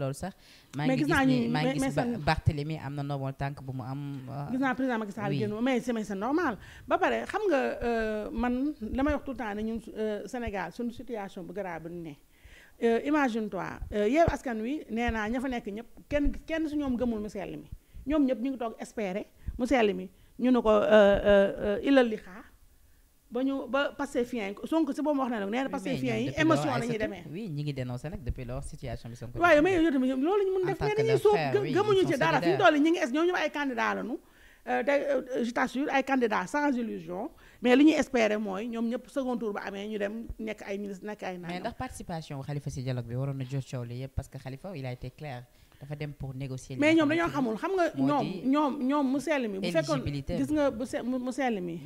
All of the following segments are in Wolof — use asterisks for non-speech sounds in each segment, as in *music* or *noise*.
loolu sax maa ngi gis maa ngi gis Barthélemy am na normal tànk bu mu am. Euh, gis naa président Macky Sall génn mais c'est mais c'est normal. ba pare xam nga euh, man la may wax tout le temps ne ñun euh, Sénégal suñu situation bu grave bi ne. imagine toi yow askan wi nee naa ña fa nekk ñëpp kenn kenn su ñoom gëmul mu sell mi ñoom ñëpp ñu ngi toog espérer mu sell mi ñu ne ko ilal li xaar. ba ñu ba Pastefien yi Sonko si boobu wax na nag nee na Pastefien yi émotion la demee oui ngi dénoncé nag depuis loolu ñu mun def nee nañuy sóob gëmuñu ci dara fi ñu toll ñi ngi es euh, euh, mooy ñoom ñëpp second tour ba amee ñu dem nekk ay ministre nekk ay mais ndax participation wu Khalifa si dialogue bi waroon na jot coow li yëpp parce que Khalifa il a été clair dafa dem pour négocier. mais ñoom dañoo xamul xam nga ñoom ñoom ñoom mu sell mi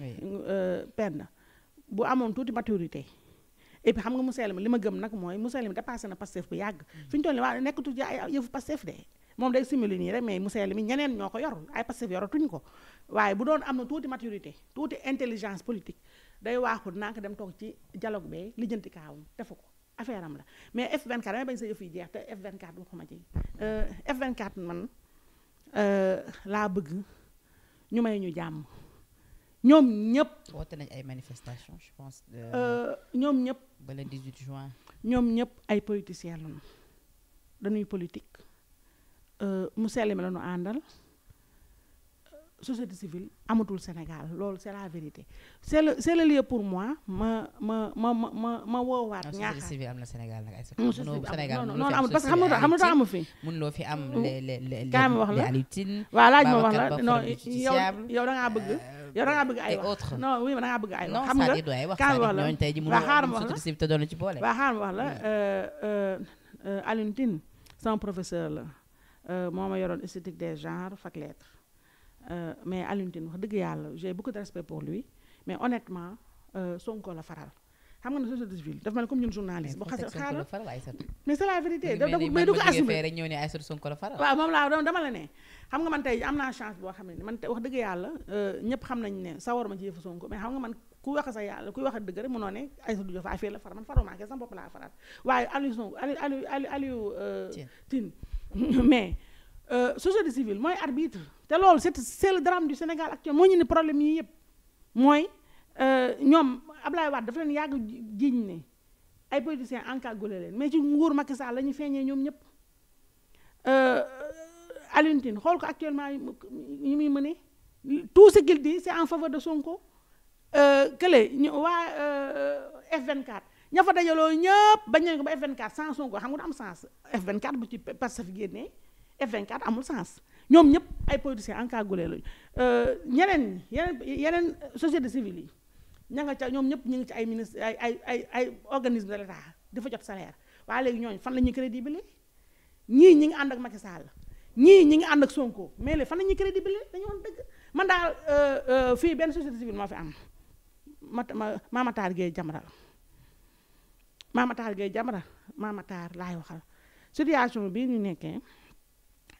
bu amoon tuuti maturité et xam nga Moussa li ma gëm nag mooy Moussa Elmi dépassé na Pastef bu yàgg mm. fi ñu toll nii waa nekkatu ci ay yëfu Pastef de moom day simili nii rek mais Moussa ñeneen ñoo ko yor ay Pastef yoratuñ ko waaye bu doon am na tuuti maturité tuuti intelligence politique day waaxul nank dem toog ci dialogue bee lijjanti kaawam defu ko affaire am la mais F24 damay bañ sa yëf jeex te F24 waxuma ci euh, F24 man euh, laa bëgg ñu ñu jàmm. ñoom ñëpp. woote nañ ay manifestations je pense. Euh, euh, ñoom ñëpp. ba le 18 juin. ñoom ñëpp ay politiciens lañu dañuy politique euh, mu sell mi la ñu àndal société civile amatul Sénégal loolu c'est la vérité c'est le c'est le lieu pour moi ma ma ma ma ma ma woowaat. ñaaxal société civile am na Sénégal nag ay. Sénégal non non amul parce que xam nga xam nga amu fi. mënuloo fi am. les les les Aliou Tine. waaw laaj ma wax la non yow yow da ngaa bëgg. yow da bëgg ay wax non oui da ngaa bëgg ay wax xam nga kaa wax la waa xaaral wax la waa sama euh, euh, euh, professeur la moo ma yoroon esthétique des genres fac lettres mais Alioune wax dëgg yàlla j'ai beaucoup de respect pour lui mais honnêtement Sonko la faral xam nga ne société civile dafa mel comme ñun journaliste eh, bu xasee mais c'est la vérité mais du ko assumé waaw moom laa dama la ne xam nga man tey am naa chance boo xam ne man tey wax dëgg yàlla euh, ñëpp xam nañ ne sawar ma ci yëfu Sonko mais xam nga man ku wax sa yàlla kuy wax dëgg rek mënoo ne Aïssatou Diop Faye fii la far man faroo maa kee sama laa faraat waaye Aliou Sonko Aliou Aliou Aliou euh, Tine *laughs* mais euh, société civile mooy arbitre te loolu c'est c'est le drame du Sénégal actuel moo yëpp mooy Euh, ñoom Ablaye Wade dafa leen yàgg jiiñ ne ay politiciens encagoulé leen mais ci nguur Macky Sall la feeñee ñoom ñëpp euh, Alioune xool ko actuellement ñu muy mëne tout ce qu'il dit c'est en faveur de Sonko euh, kële ñu waa F24 ña fa dajaloo ñëpp bañ nañ ko ba F24 sans Sonko xam nga du am sens F24 bu ci Pastef génnee F24 amul sens ñoom ñëpp ay politiciens encagoulé lañu ñeneen ñi yeneen yeneen société civile yi ña nga ca ñoom ñëpp ñu ngi ci ay ministre ay ay ay ay organisme de l'État dafa jot salaire waa léegi ñooñu fan la ñuy crédible ñii ñi ngi ànd ak Macky la ñii ñi ngi ànd ak Sonko mais léegi fan la ñuy crédible dañu woon dëgg man daal euh, euh, fii benn société civile moo fi am ma ma Mamataar Gueye Jamra Mamataar Gueye Jamra Mamataar laay waxal situation bii ñu nekkee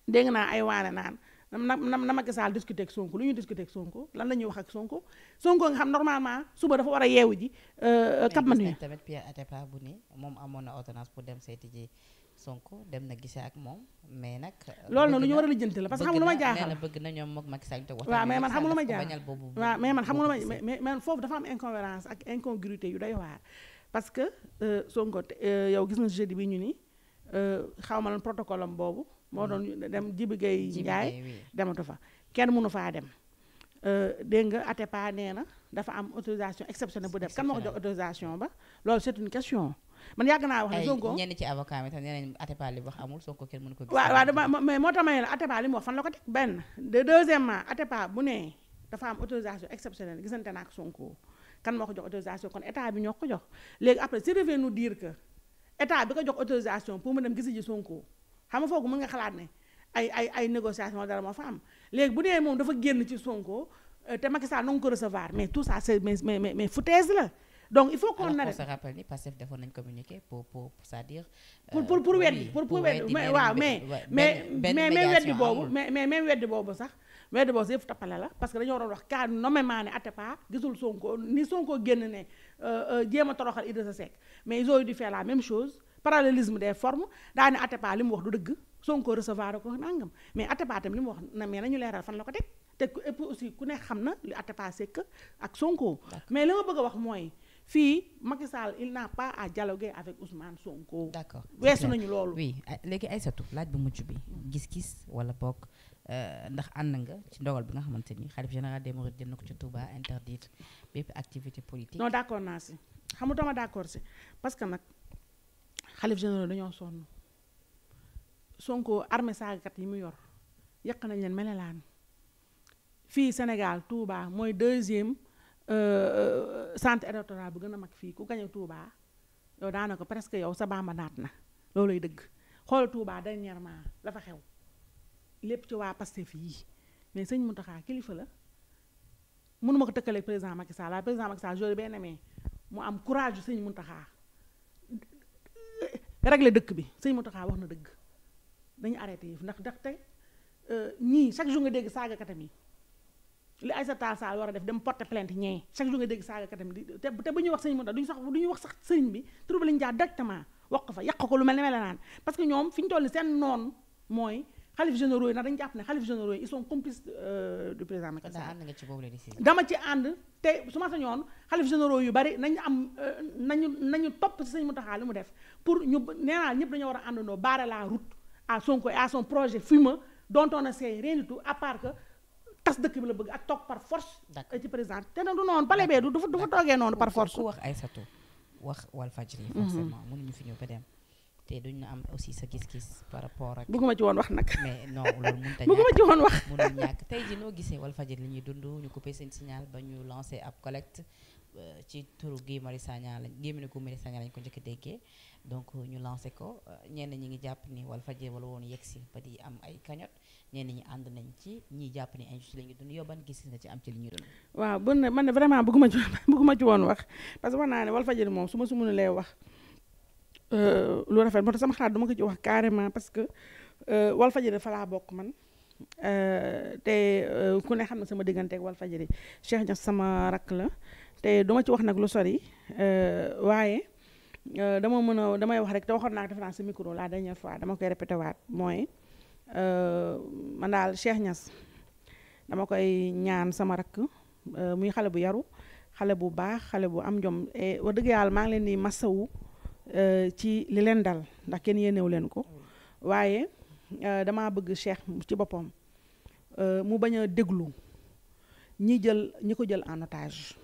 dégg naa ay waane naan na na na Macky Sall discuter ak Sonko lu ñu discuter ak Sonko lan la ñuy wax ak Sonko Sonko nga xam normalement suba dafa war a yeewu ji. Euh, Cap Manuel tamit Pierre Atepa bu moom amoon na ordonnance pour dem seeti ji Sonko dem na gisee ak moom mais nag. loolu nag lu ñu war a lijjanti la parce que xam nga lu ma jaaxal bëgg na ñoom moog Macky Sall ñu toog waxtaan. waaw mais man xam nga lu ma jaaxal waaw mais man xam nga lu ma mais man foofu dafa am incohérence ak incongruité yu doy waar. parce que euh, Sonko euh, yow gis na jeudi bi ñu ni xaw ma lan protocole am boobu. moo doon mm-hmm. dem jibi gay njaay dematu fa kenn mënu faa dem euh, dégg nga Atepa nee na dafa am autorisation exceptionnelle bu def kan moo ko jox ba loolu question man yàgg naa wax ne Sonko ñenn ci avocat mi tam nee nañ Atepa kenn ko gis moo tax ma ne la Atepa li mu wax fan la ko teg benn de deuxièmement gisante naa ak Sonko kan moo ko jox autorisation kon état bi ñoo ko jox léegi après si revient nous dire que bi ko jox autorisation pour mu dem gisi ji Sonko xam nga foogu mën nga xalaat ne ay ay ay négociation dara moo fa am léegi bu nee moom dafa génn ci sonkoo euh, te Macky Sall nangu ko recevoir mais tout ça c'est mais mais mais foutaise la donc il faut qu'on arrête. se rappelle ni Pastef defoon nañu communiqué pour pour c'est-à-dire. Euh, pour pour mais mais mais mais mais weddi mais mais même la parce que dañoo waroon wax kaa nommément ne Atepa gisul Sonko ni génn ne euh, jéem a toroxal Idrissa Seck mais ils ont la même chose. parallélisme des formes daani Atépa li mu wax du dëgg Sonko recevoir ko nangam mais Atépa tam li mu wax na mais nañu leeral fan la ko teg te et puis aussi ku ne xam na li Atépa sekk ak Sonko mais li ma bëgg a wax mooy fii Macky Sall il n'a pas à dialoguer avec Ousmane Sonko. d'accord weesu nañu loolu. oui ah, léegi Aïssatou laaj bu mujj bi gis-gis wala boog euh, ndax ànd nga ci ndogal bi nga xamante ni xalif général des Mourides jël na ko ci Touba interdire bépp activité politique. parce que nag xalif généraux dañoo sonn Sonko armée saagakat yi mu yor yàq nañ leen melelaan fii Sénégal Touba mooy deuxième euh, euh, centre électoral bu gën a mag fii ku gañe Touba yow daanaka presque yow sa bamba naat na loolay dëgg xool Touba dernièrement la fa xew lépp ci waa Pastef fii mais sëñ muntaxaa kilifa la mënuma ko tëkkaleeg président Macky Sall waaye président Macky Sall j'aurais bien aimé mu am courage yu muntaxaa régler dëkk bi sëñ Mountakha wax na dëgg dañu arrêté yëf ndax ndax tey nii euh, chaque jour nga dégg saagakatam yi li Aïssata Tall war a def dem porter plainte ñee chaque jour nga dégg saagakatam yi te te bu ñu wax sëñ Mountakha duñu sax duñu wax sax sëriñ bi trouble lañu jaar directement wax fa yàq ko lu mel ne mel naan parce que ñoom fi ñu toll seen noon mooy xalif généraux yi na dañ jàpp ne xalif généraux yi ils sont complices euh, du président Macky Sall dama ci ànd te su ma sañoon xalif généraux yu bari nañu am euh, nañu nañu topp si sëñ Mountakha li mu def pour ñu nee naa ñëpp dañoo war a àndandoo barrer la route à Sonko à son projet FUME dont on ne sait rien du tout à part que tas dëkk bi la bëgg ak toog par force ci président te nag du noonu bale bee du du fa toogee noonu par force ku wax Aïssatou wax Walfadjri forcément mhm. mënuñu fi ñëw ba te duñ na am aussi sa gis-gis par rapport ak. bëgguma ci woon wax nag. mais non loolu mënut a ñàkk *laughs* bëgguma ci woon wax. ñu coupé euh, ko njëkk euh, ñu euh, ngi jàpp ni Walfadjri wala woon yegg si ba di am ay cagnotte ñenn ñi ànd nañ ci ni injustice la ñuy dund yow ban li ñuy dund. waaw bu ne *laughs* parce que wax naa ne Walfadjri moom su ma su mënulee wax. Euh, lu rafet moo tax sama xalaat dama ko ci wax carrément parce que euh, Walfadjri fa laa bokk man euh, te ku ne xam na sama diggante digganteeg Walfadjri Cheikh Niass sama rakk la te duma ci wax nag lu sori waaye dama mën a damay wax rek te waxoon naa ko defe naa si micro la dernière fois dama koy répété waat mooy man daal Cheikh Niass dama koy ñaan sama rakk muy xale bu yaru xale bu baax xale bu am jom wax dëgg yàlla maa ngi leen di masawu Euh, ci li leen dal ndax kenn yéenewu leen ko waaye euh, damaa bëgg cheikh ci boppam euh, mu bañ a déglu ñi jël ñi ko jël en otage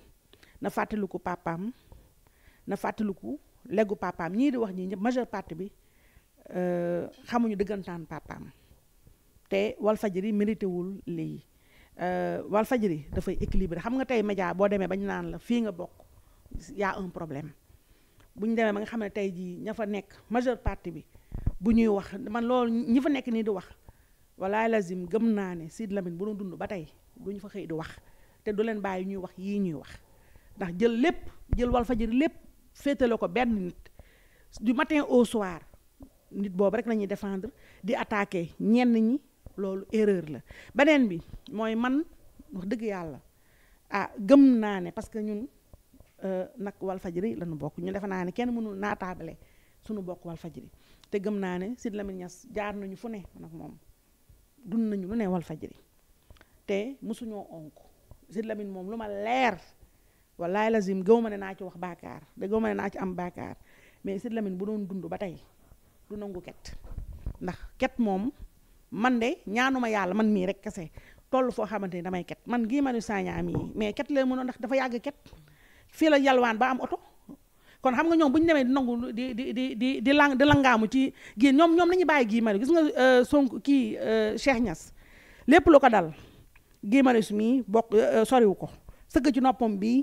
na fàttaliku papaam na fàttaliku legu pàppam ñii di wax ñii ñëpp majeure partie bi xamuñu dëggantaan papaam te Walfadjri mérité wul lii Walfadjri dafay équilibré xam nga tey média boo demee bañ naan la fii nga bokk y a un problème bu ñu demee ba nga xam ne tey jii ña fa nekk majeure partie bi bu ñuy wax man loolu ñi fa nekk nii di wax walaay lazim gëm naa ne Sidy Lamine bu doon dund ba tey du ñu fa xëy di wax te du leen bàyyi ñuy wax yii ñuy wax ndax jël lépp jël wal Walfadjri lépp féetale ko benn nit du matin au soir nit boobu rek lañuy defendre di attaquer ñenn ñi loolu erreur la beneen bi mooy man wax dëgg yàlla ah gëm naa ne parce que ñun Euh, nag Walfadjri lañu bokk ñu defe naa ne kenn mënul naataabale suñu bokk Walfadjri te gëm naa ne Sidy Lamine ñas jaar nañu fu ne nag moom dund nañu lu ne Walfadjri te mësuñoo onk Sidy Lamine moom lu ma leer wallaay lazim gëw ma ne naa ci wax baakaar de gëw ne naa ci am baakaar mais Sidy Lamine bu doon dund ba tey du nangu ket ndax ket moom man de ñaanuma yàlla man mii rek kese toll foo xamante ni damay ket man gii ma nu am yi mais ket lee mënoon ndax dafa yàgg fii la yalwaan ba am oto kon xam nga ñoom bu ñu demee di nangu di di di di di lang langaamu ci gii ñoom ñoom nañu bàyyi Guy Marius gis nga euh, sonk kii euh, Cheikh ñas lépp lu ko dal Guy Marius mii bokk euh, soriwu ko sëgg ci noppam bii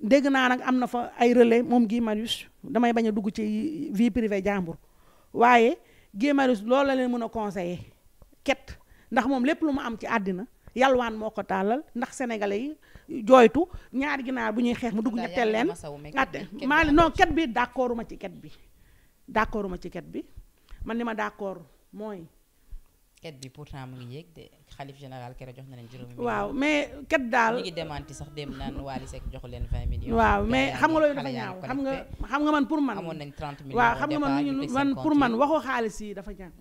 dégg naa nag am na fa ay relais moom gii Marius damay bañ a dugg ci vie privée jàmbur waaye Guy Marius loolu la leen mën a conseiller ket ndax moom lépp lu mu am ci àddina yalwaan moo ko tàllal ndax sénégalais yi jooytu ñaari ginaar bu ñuy xeex mu dugg ñetteel leen ngatte maa li non ket bi d'accordu ma ci ket bi d'accordu ma ci ket bi man ni ma d'accord mooy ket bi pourtant mu ngi yéeg de xalif général kere jox na leen juróomi million waaw mais ket daal ñu ngi sax dem naan Wally Seck joxu leen 20 millions waaw mais xam nga loolu dafa ñaaw xam nga xam nga man pour man amoon nañ 30 millions waaw xam nga man man pour man waxu xaalis yi dafa ñaaw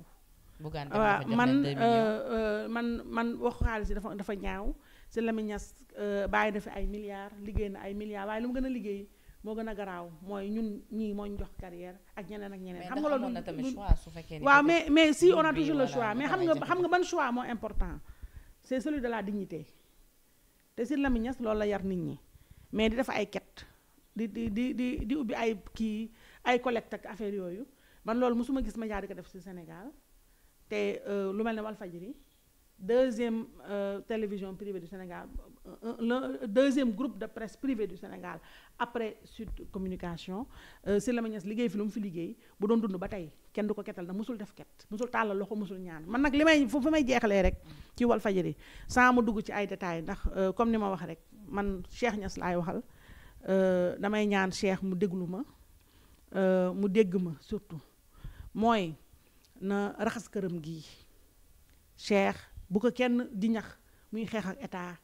Bougane waaw ah, euh, euh, man man man wax xaalis dafa dafa ñaaw si Lamine Niass euh, bàyyi na fi ay milliards liggéey na ay milliards waaye lu mu gën a liggéey moo gën a garaaw mooy ñun ñii moo ñu jox carrière ak ñeneen ak ñeneen. xam nga loolu mais tamit choix su fekkee waaw mais mais si on a toujours le choix mais xam nga xam nga ban choix moo important c'est celui de la dignité te si Lamine lool la yar nit ñi mais di def ay ket di di di di di ubbi ay kii ay collecte ak affaire yooyu man loolu mosuma gis ma jaar di ko def si Sénégal. te euh, lu mel ne Walfadjri deuxième euh, télévision privée du Sénégal euh, le deuxième de presse privé du Sénégal après Sud Communication Siré Lamine Niass liggéey fi lu mu fi liggéey bu doon dund ba tey kenn du ko ketal na musul def ket musul tàllal loxo musul ñaan man nag li may fu fi may jeexalee rek ci Walfadjri saa ma dugg ci ay détails ndax comme ni ma wax rek man Cheikh Niass laay waxal damay ñaan Cheikh mu déglu ma mu dégg ma surtout mooy na raxas këram gi Cheikh bu ko kenn di ñax muy xeex ak état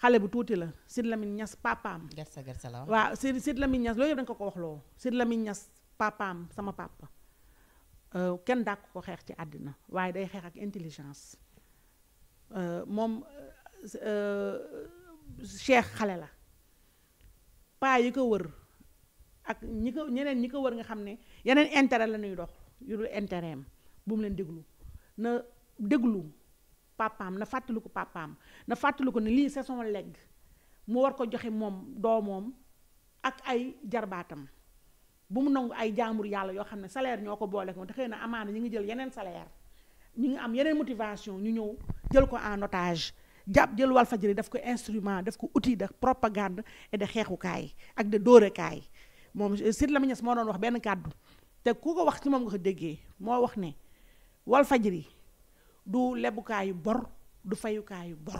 xale bu tuuti la Sid Lamine ñas papaam. gersa gersa la waaw Sid Sid Lamine Niass loolu yëpp da ko ko wax loo Sid Lamine Niass papaam sama papa euh, kenn dàq ko xeex ci àddina waaye day xeex ak intelligence euh, moom euh, Cheikh xale la paa yi ko wër ak ñi ko ñeneen ñi ko wër nga xam ne yeneen intérêt la ñuy dox yu dul intérêt bu mu leen déglu na déglu papaam na fàttaliku papaam na fàttaliku ne lii saison son legs mu war ko joxe moom doomoom ak ay jarbaatam bu mu nangu ay jaamur yàlla yoo xam ne salaire ñoo ko boole ko te xëy na amaana ñu ngi jël yeneen salaire ñu ngi am yeneen motivation ñu ñëw jël ko en otage jàpp jël Walfadjri daf ko instrument daf ko uti de propagande et de xeexukaay ak de dóorekaay moom Sidy Lamine Niasse moo doon wax benn kàddu te ku ko wax ci moom nga ko déggee moo wax ne Walfajri du lebukaayu bor du fayukaayu bor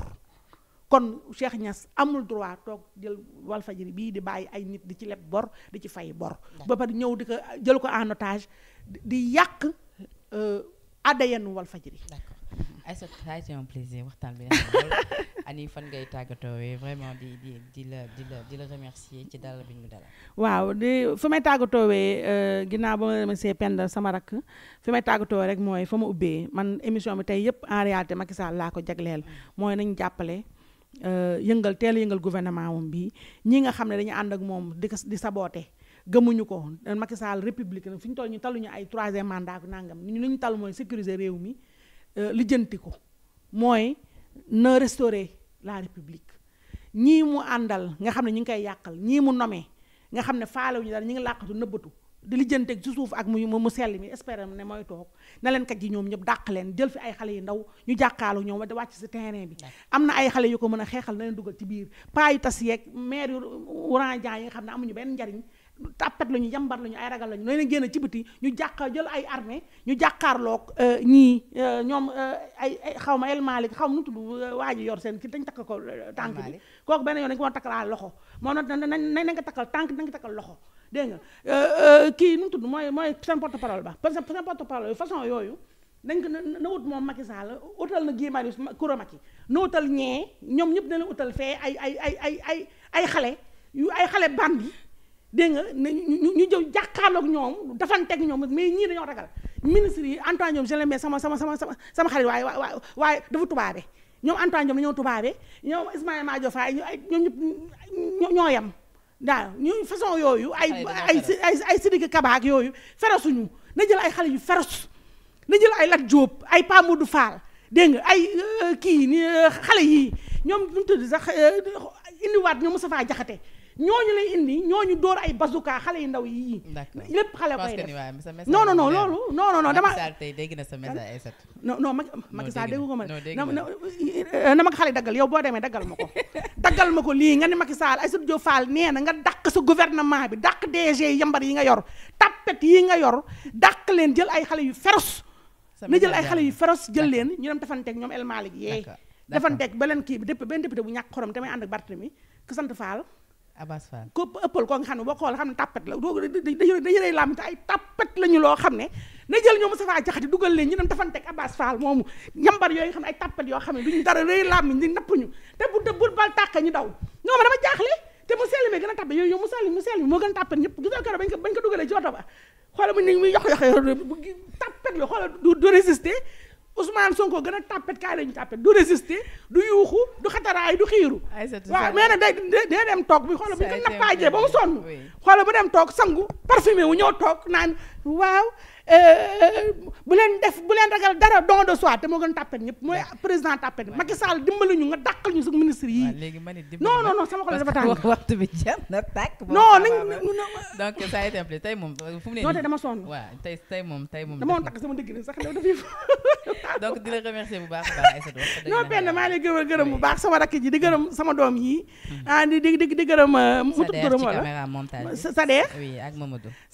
kon Cheikh ñas amul droit toog jël Walfajri bii di bàyyi ay nit di ci leb bor di ci fay bor. ba pare ñëw di ko jël ko en otage di yàq euh, ADN Walfajri. d'accord c'est un waxtaan bi *laughs* ani fan ngay tàggatoowee eh, vraiment di di di la di la di la remercier ci dalal bi ñu dalal. waaw di fi may tàggatoowee eh, ginnaaw ba ma remercier Penda sama rakk fi may tàggatoowee rek mooy fa ma ubbee man émission bi tey yëpp en réalité Macky laa ko jagleel mm. mooy nañu jàppale. Euh, yëngal teel yëngal gouvernement moom bi ñi nga xam ne dañu ànd ak moom di di saboote gëmuñu ko Macky Sall république fi ñu toll ñu taluñu ay troisième nàngam nangam ñu li ñu tal mooy sécuriser réew mi euh, lijjanti na restaurer la république ñii mu àndal nga xam ne ñu ngi koy yàqal ñii mu nomee nga xam ne faalewu ñu dara ñu ngi làqatu nëbbatu di lijjanteeg ci suuf ak mu mu sell mi espérer ne mooy toog na leen kat yi ñoom ñëpp dàq leen jël fi ay xale yu ndaw ñu jàkkaalu ñoom da wàcc si terrain bi am na ay xale yu ko mën a xeexal na leen dugal ci biir paa yu tas yeeg maire yu orangeant yi nga xam ne amuñu benn njariñ tàppet lañu yambar lañu ay ragal lañu leen génn ci biti ñu jàkkaar jël ay armée ñu jàkkaarloog euh, ñii euh, ñoom euh, ay xaw ma El Malick xaw ma nu waa ji yor seen ki dañ takk ko tànk bi kooku benn yoon dañ ko war loxo moo noon na nañ ko takkal tànk nañ ko takkal loxo dégg nga kii nu tudd mooy mooy seen porte parole ba parce que seen porte parole façon yooyu nañ ko na wut moom Macky Sall utal na Guy Marius Koura Macky na utal ñee ñoom ñëpp na la utal fee ay ay ay ay ay ay xale yu ay xale bandi dégg nga ne ñu ñu jëw jàkkaarloog ñoom dafanteeg ñoom mais ñii dañoo ragal ministre yi Antoine Diome je l'aimais sama sama sama sama xarit waaye waaye waaye dafa tubaabe ñoom Antoine Diome dañoo tubaabe ñoom Ismaïla Madior Faye ñu ay ñoom ñëpp ñoo yam daal ñuy façon yooyu. ay ay ay ay Sidiki Kaba ak yooyu ferasuñu na jël ay xale yu feras na jël ay Lat jóob ay Pa Modou Fall dégg nga ay euh, kii euh, xale yii ñoom ñu tudd sax euh, indiwaat ñoom Moustapha Diakhaté ñoo ñu lay indi ñooñu dóor ay bazooka xale yu ndaw yi lépp xale koy def non non non loolu non non non dama non non Macky Sall dégg ko ma na ma ko xale daggal yow boo demee daggal ma ko *laughs* daggal ma ko lii nga ni Macky Sall Aïssatou Diop Fall nee na nga dàq sa gouvernement bi daq DG yambar yi nga yor tappet yi nga yor dàq leen jël ay xale yu féroce na jël ay xale yu féroce jël leen ñu dem defanteeg ñoom El Malick yee ba beneen kii bi dépp benn député bu ñàkk xorom tamay ànd ak sant Fall Abass Fall ku ëppal ko nga xam ne boo xool xam ne tàppet la dañu lay laam te ay tàppet lañu loo xam ne na jël ñoom Moustapha Diakhaté dugal ñu ne napp ñu te bu de bu bal tàqe ñu daw ñoo dama jaaxle te mu sell mi gën a tàppe yooyu mu sell mi mu sell mi moo gën a tàppet ñëpp gisoo keroog bañ ko bañ ko dugalee xoola mu ni muy yox yox tàppet la xoola du résister Ousmane Sonko gën a tàppet kaay lañu tàppet du résister du yuuxu du xataraay du xiiru waaw mais nag day day dem toog bi xoolal bu ko naan waaw euh, bu leen def bu leen ragal dara don de soi te moo gën tàppet ñëpp mooy président tàppet Macky dimbali ñu nga dàqal ñu suñu ministre yi non non sama xol dafa tàng waxtu bi jeex na tàkk non nañ donc ça a été appelé tey moom fu mu ne non tey dama sonn waaw tey tey moom tey moom dama woon takk sama dëgg ne sax dafa *laughs* donc di la bu baax non benn maa ngi lay gërëm bu baax sama rakk ji di gërëm mm-hmm. sama doom yi mm-hmm. ah di di di gërëm. mu tudd gërëm wala Sadex ci caméra montage. Sadex oui ak Mamadou.